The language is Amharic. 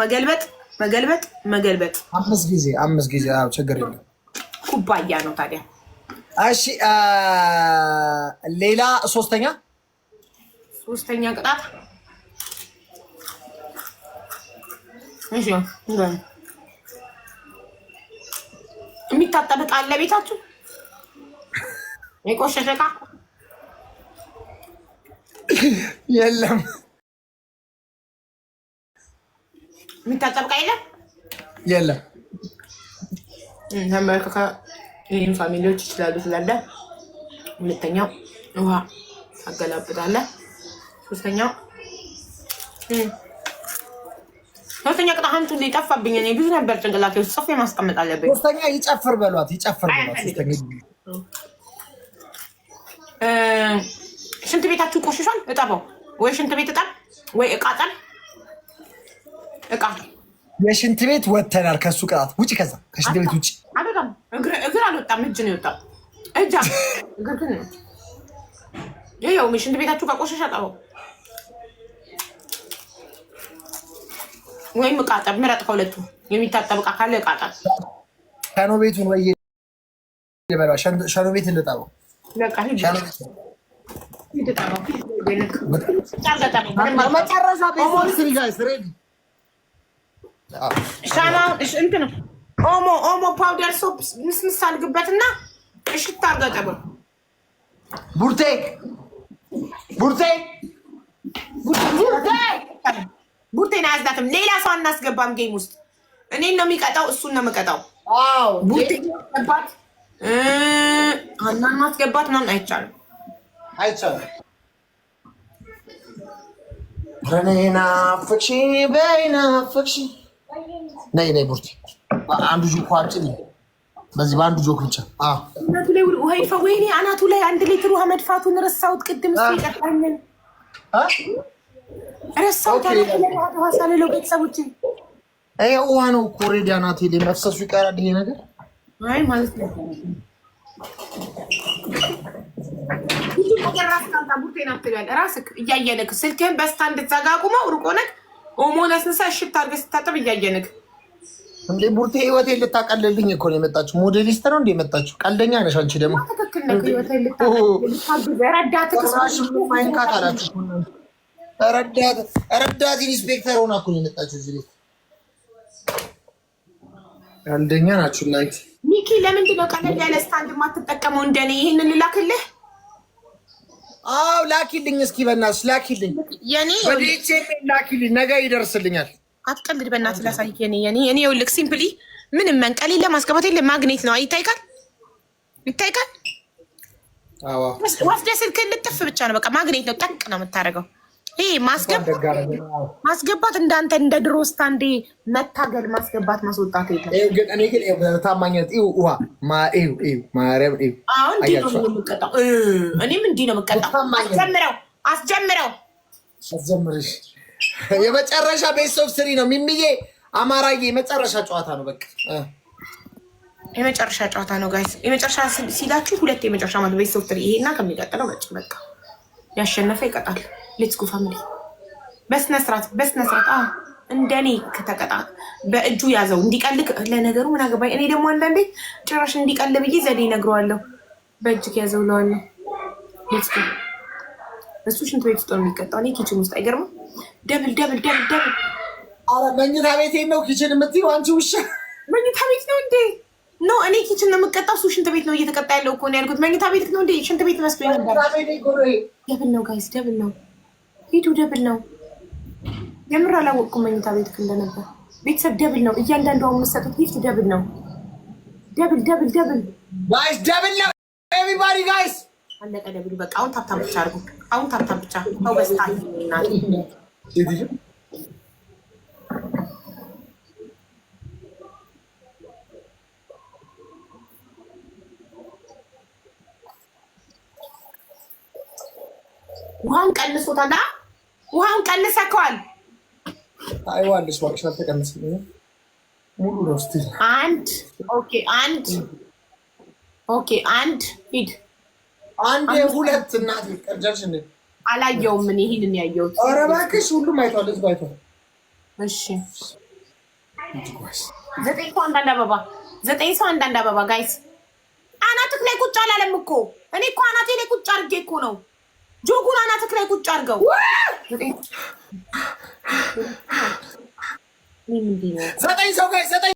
መገልበጥ መገልበጥ መገልበጥ አምስት ጊዜ አምስት ጊዜ። አዎ ችግር የለም። ኩባያ ነው ታዲያ። እሺ ሌላ ሶስተኛ ሶስተኛ ቅጣት የሚታጠብ ዕቃ አለ ቤታችሁ? የቆሸሸ ዕቃ የለም። የሚታጠብቃ የለም የለም። ተመልከከ ይህም ፋሚሊዎች ይችላሉ ስላለ ሁለተኛው ውሃ ታገላብጣለ። ሶስተኛው ሶስተኛ ቅጣሀንቱ ይጠፋብኝ። እኔ ብዙ ነበር ጭንቅላቴ ውስጥ ጽፌ ማስቀመጥ አለብኝ። ሶስተኛ ይጨፍር በሏት፣ ይጨፍር በሏት። ሽንት ቤታችሁ ቆሽሿል፣ እጠበው ወይ ሽንት ቤት እጠብ ወይ እቃ ጠብ እቃ የሽንት ቤት ወተናል። ከሱ ቅጣት ውጭ፣ ከዛ ከሽንት ቤት ውጭ። እግር አልወጣም፣ እጅ ነው የወጣው። እጃ እግር ግን ነው ይኸው። ሽንት ቤታችሁ ከቆሸሽ አጠበው ወይም እቃ ምረጥ ከሁለቱ። የሚታጠብ እቃ ካለ እቃ ጠብ። ሸኖ ቤቱን ወይ ሸኖ ቤት ልጠበው መጨረሻ ሻማውን እንትን ኦሞ ኦሞ ፓውደር ሶፕ ምስምስ አድርግበትና እሽት ቡርቴ ቡርቴ ቡርቴን አያዝዳትም። ሌላ ሰው አናስገባም ጌም ውስጥ እኔን ነው የሚቀጣው፣ እሱን ነው የምቀጣው። ማስገባት ምናምን አይቻልም፣ አይቻልም። ናፍቅሽ በይ ናፍቅሽ ነይ ነይ ቡርቲ አንዱ ጆክ አጭን በዚህ በአንዱ ጆክ ብቻ እናቱ ላይ ወይፈ ወይኔ አናቱ ላይ አንድ ሌትር ውሃ መድፋቱን ረሳሁት። ቅድም ስ ይቀጣልን ረሳሁት። ውሃ ሳልለው ቤተሰቦች ይሄ ውሃ ነው እኮ ኦልሬዲ አናቴ ላይ መፍሰሱ ይቀራል። ይሄ ነገር አይ ማለት ነው ስልክህን በስታ እንድትዘጋ ቁመው ሩቅ ሆነህ ኦሞን አስነሳ። እሽት አድርገህ ስታጠብ እያየንክ እንዴ ቡርቴ ህይወቴ ልታቀልልኝ እኮ ነው የመጣችሁ። ሞዴሊስት ነው እንዴ የመጣችሁ ቀልደኛ ነሽ አንቺ። ደግሞ ረዳት ኢንስፔክተር ሆና እኮ ነው የመጣችሁ እዚህ ቤት። ቀልደኛ ናችሁ እናንተ። ሚኪ ለምንድን ነው ቀለል ያለ ስታንድ የማትጠቀመው? እንደኔ ይህንን ልላክልህ። አዎ ላኪልኝ፣ እስኪ በእናትሽ ላኪልኝ፣ ወደ ኢትዮጵያ ላኪልኝ፣ ነገ ይደርስልኛል። አትቀልድ በእናት ላሳየን እኔ እኔ ውልቅ ሲምፕሊ ምንም መንቀል የለም ማስገባት የለ ማግኔት ነው። ይታይቃል ይታይቃል። ወስደህ ስልክህን ልጥፍ ብቻ ነው በቃ ማግኔት ነው። ጠቅ ነው የምታደርገው። ይሄ ማስገባት እንዳንተ እንደ ድሮ ስታንዴ መታገል ማስገባት ማስወጣት የለም። እኔ ግን ታማኝነት ውሃ ማርያም እኔም እንዲህ ነው የምቀጣው። አስጀምረው አስጀምረው አስጀምርሽ የመጨረሻ ቤስት ኦፍ ስሪ ነው ሚሚዬ አማራዬ። የመጨረሻ ጨዋታ ነው በቃ የመጨረሻ ጨዋታ ነው ጋይስ። የመጨረሻ ሲላችሁ ሁለት የመጨረሻ ማለት ቤስት ኦፍ ስሪ ይሄና ከሚቀጥለው መጭ በቃ ያሸነፈ ይቀጣል። ሌትስ ጎ ፋሚሊ በስነ ስርዓት በስነ ስርዓት አ እንደኔ ከተቀጣ በእጁ ያዘው እንዲቀልቅ። ለነገሩ ምን አገባኝ እኔ ደግሞ አንዳንዴ ጭራሽ እንዲቀል ብዬ ዘዴ ነግረዋለሁ። በእጅ ያዘው ለዋለ። ሌትስ ጎ እሱ ሽንት ቤት ውስጥ ነው የሚቀጣው። እኔ ኪችን ውስጥ አይገርምም ደብል ደብል ደብል ደብል። አረ መኝታ ቤቴ ነው ኪችን የምትይው አንቺ ውሻ። መኝታ ቤት ነው እንዴ? ኖ እኔ ኪችን ነው የምቀጣው፣ እሱ ሽንት ቤት ነው እየተቀጣ ያለው እኮ ነው ያልኩት። መኝታ ቤት ነው እንዴ? ሽንት ቤት መስሎኝ ነበር። ደብል ነው ጋይስ፣ ደብል ነው ሂዱ፣ ደብል ነው። የምር አላወቅኩም መኝታ ቤት እንደነበር። ቤተሰብ ደብል ነው። እያንዳንዱ የምትሰጡት ጊፍት ደብል ነው። ደብል ደብል ደብል ጋይስ፣ ደብል ነው። ኤቭሪባዲ ጋይስ፣ አለቀ ደብሉ። በቃ አሁን ታብታብ ብቻ አድርጉ። አሁን ታብታብ ብቻ ነው በስታ ውሃውን ቀንሶታል። ውሃውን ቀንሰከዋል። አይዋለሽ እባክሽ አልተቀንስ ሙሉ ነው። እስኪ አንድ ኦኬ፣ አንድ ኦኬ፣ አንድ ሂድ፣ አንድ ሁለት እናት ቀጃሽ አላየውም። ምን ይሄንን ያየው? ኧረ እባክሽ ሁሉም አይቷል፣ ህዝብ አይቷል። እሺ ዘጠኝ ሰው አንዳንድ አበባ፣ ዘጠኝ ሰው አንዳንድ አበባ። ጋይስ አናትክ ላይ ቁጭ አላለም እኮ እኔ እኮ አናቴ ላይ ቁጭ አድርጌ እኮ ነው። ጆጉን አናትክ ላይ ቁጭ አድርገው ዘጠኝ ሰው ጋይስ፣ ዘጠኝ